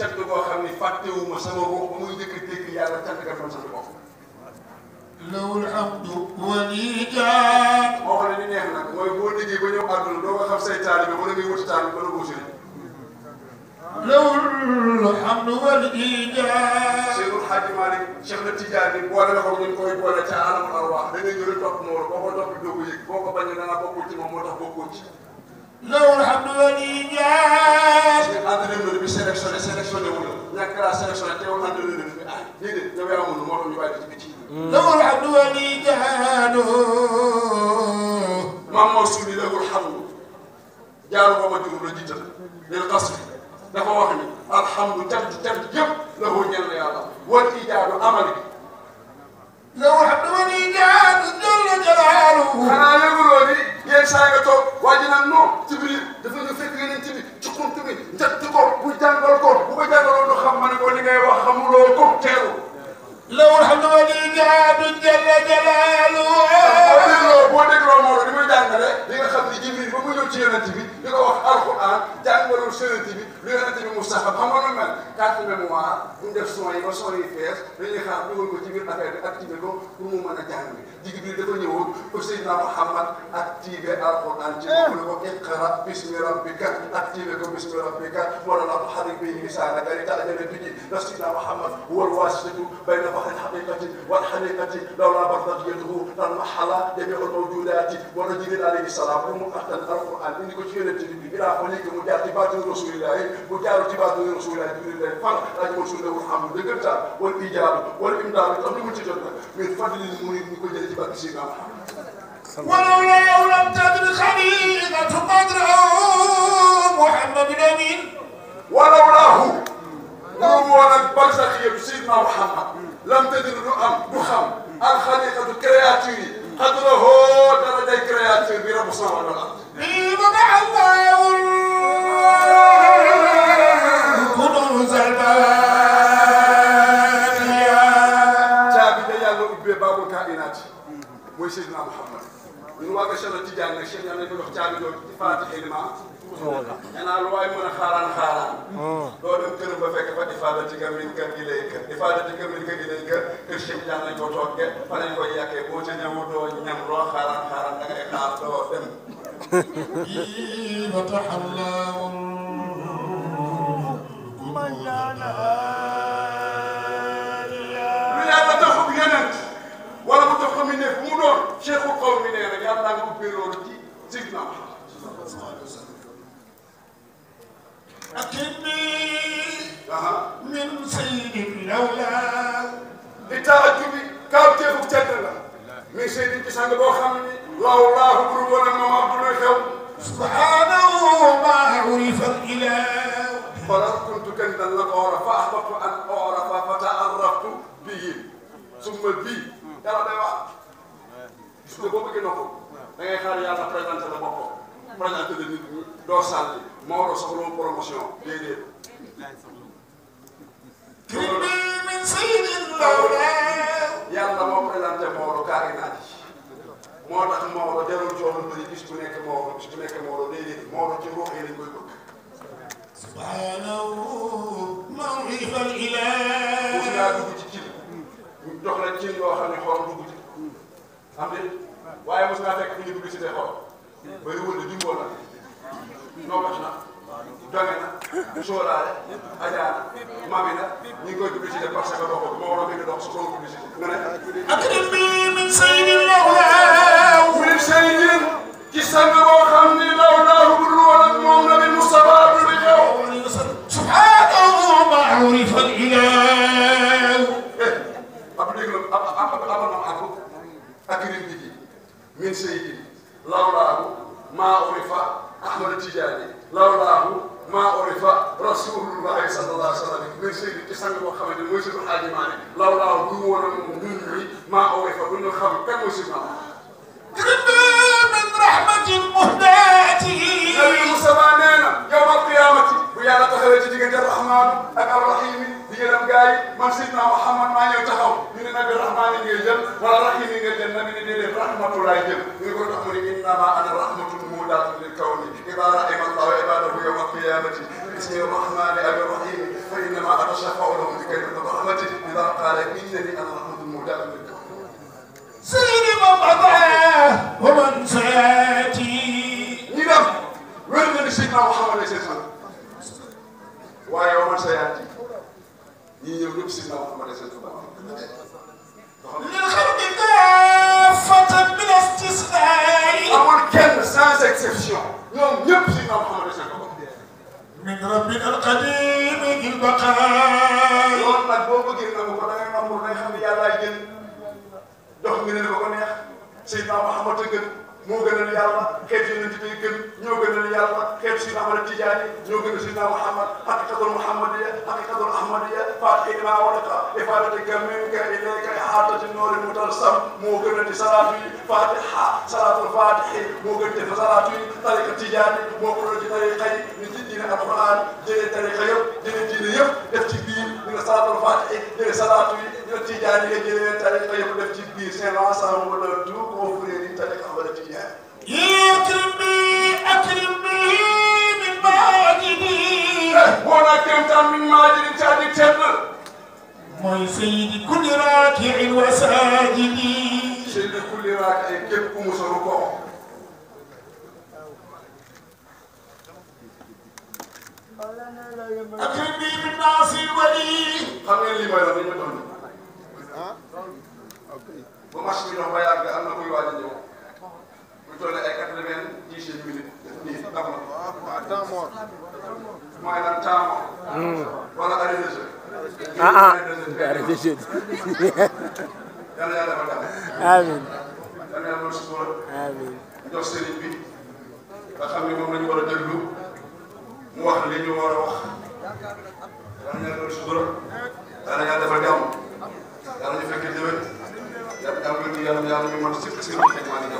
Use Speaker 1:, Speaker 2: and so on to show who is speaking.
Speaker 1: cant boo xam ne fàttewuma sama bopp muy dëkk dëkk yàlla cant ka doon sama bopp. lawul hamdu walijaat. boo xam ne li neex nag mooy boo déggee ba ñëw àdduna doo nga xam say taalibe wala ngay wuti taalibe wala woo sëriñ. lawul hamdu walijaat. Seydou Hadji Malick Cheikh na Tidiane boole na ko ñu koy boole ca alamul arwaax da ngay ñëw rek topp Mor boo ko topp doo ko yëg boo ko bañ a danaa bokkul ci moom moo tax bokkul ci. lawul hamdu jurul jaaru booba jurul la jiital lil xasri dafa wax ni alhamdu cant cant yëpp la ko ñeel na yàlla wal ijaadu amal bi لو حضرني جاد جل جلاله انا يقولوا لي يا سايكتو واجنا نو تبريد yonent bi li ko wax alxuraan jàngalul yonent bi lu yonent bi Mustafa xam nga lu mel الميموار عندك سوني وسوني فيس لين يخاف يقول كتير من أفعال أكتيفة كم كل ما نتعلم دي كبير ده كوني هو وسيدنا محمد أكتيفة القرآن جل وعلا اقرأ بسم ربك أكتيفة كم بسم ربك ولا لا تحرك به لسانا قال تعالى نبي سيدنا محمد هو الواسط بين فهد الحقيقة والحقيقة لولا برضيته للمحلة جميع الموجودات ورجل عليه السلام ومقتل القرآن إن كتير من تلميذ بلا فنيك مجاتبات رسول الله مجاتبات رسول الله الفرح لكن شو لو الحمد بقدر والإجابة والإمداد قبل ما تجد من فضل المريد نقول جل جبال سيدنا ولولا لم تدر خليقة قدره محمد الأمين ولولاه نور البرزخ يبسيطنا محمد لم تدر نخم الخليقة الكرياتيري قدره درجة كرياتيري رب السماوات والأرض إيه الله mooy Seydina Mouhamad ñun waa Cheikhna Tidiane nag Cheikh yàlla nañu ko jox caabi jooju ci Faatiha ilma ñanaa lu waay mën a xaaraan xaaraan doo dem këram ba fekk fa di faadati ka min ka gi lay kër di faadati ka min ka gi lay kër kër Cheikh Tidiane lañ ko tooge fa lañ koy yàqee boo ca ñëwu doo ñam loo xaaraan xaaraan da ngay xaar doo dem فتح الله kuu ɗon cheikhu qawminere yallaka uppeyroro ɗi signa mahamad أكني من سيد لولا لتعجب كابتن مبتدلا من سيد كسان بو خامني لولا بربنا ما عبدنا خو سبحانه ما عرف الإله فلن كنت كندا لقورة فأحببت أن أعرف فتعرفت به ثم بي يلا دعوة nga boo bëggee nopp da ngay xaar yàlla présenté la boppam présenté la nit ñi doo sàlli Maodo soxla promotion déedéet yàlla moo présenté Maodo carrément moo tax Maodo jarul coono bëri gis bu nekk Maodo gis bu nekk Maodo déedéet Maodo ci ruux yi lañ koy bëgg. subhaanahu mawrifal ilaah. mos ngaa dugg ci cin. ñu jox la cin yoo xam ne xool dugg ci. am déet. waaye mos naa fekk fi ñu dugg si seen xol bëriwul la jumboon na nokkas na donge na sóoraale ajaana mami na ñu ngi koy publicité parce que doxul moo war a bind dox su ko publicité nga ne min seydin lawlaahu maa urifa ahmad tijaani lawlaahu maa urifa rasulullahi sallallahu alayhi wa min seydin ci bu ñu woon a moom ñun ñi maa urifa bu ñu xam kan mooy sunu min rahmatin muhdaatihi nabi Musaa nee na yowmal qiyaamati bu yàlla taxawee ci diggante di ngeen am gaa yi man dina bi rahmaani ngay jël ni déedéet rahmatu laay jël ñu ko innama ana rahmatun muudaatun lil kawni ida rahima allahu ibadahu yowma alqiyamati bismi rahmani abi rahimi fa innama ana shafau lahum bi kalimati rahmati ida qaala ana rahmatun muudaatun lil kawni sidi ma bataa wa man saati ñi def wér nga ni Seydina Muhammad seen san waaye wa man saati ñi ñëw ñëpp Seydina Muhammad seen san القديم ذي البقاء loolu nag boo bëggee nangu ko da ngay nangu ne xam ne yàllaay gën jox nga ne ko neex Seydina Muhammad a gën moo gënal yàlla xeet si yonent bi gën ñoo gënal yàlla xeet si Ahmad Tijaani ñoo gënal si naa Muhammad haqiqatul Muhammadiyya haqiqatul Ahmadiyya faatihina walaka ifadati gammika ilayka ihatati noori mutalsam moo gënal di salaatu yi fatiha salaatul fatihi moo gën def salaatu yi tariqa Tijaani moo ko doon ci tariqa yi ni ci diine alquran jëlee tariqa yëpp jëlee diine yëpp def ci biir jëlee salaatul faatiha jëlee salaatu yi jëlee tijaan yi jëlee tariqa yëpp def ci biir seen ensemble wala tout confrérie yi tariqa wala tijaan. akrim bi akrim bi min maajidi. boo naa këm tan min maajidi ca di tedd. mooy sayyidi kulli raakiin wa saajidi. sayyidi kulli raakiin képp ku musaru ko. أكرمني بالناس ولي خلنا اللي ما يرضي منهم وماشي منهم بيا قال أنا بيوا جنوا وتقول لك أكتر من جيش الملك تامور ما يلا تامور ولا أريد شيء آه آه أريد شيء يلا يلا بلا آمين يلا يلا نشكر آمين دوستي بي أخمي مم نجور ليلي ورا وخ انا نقول شبرك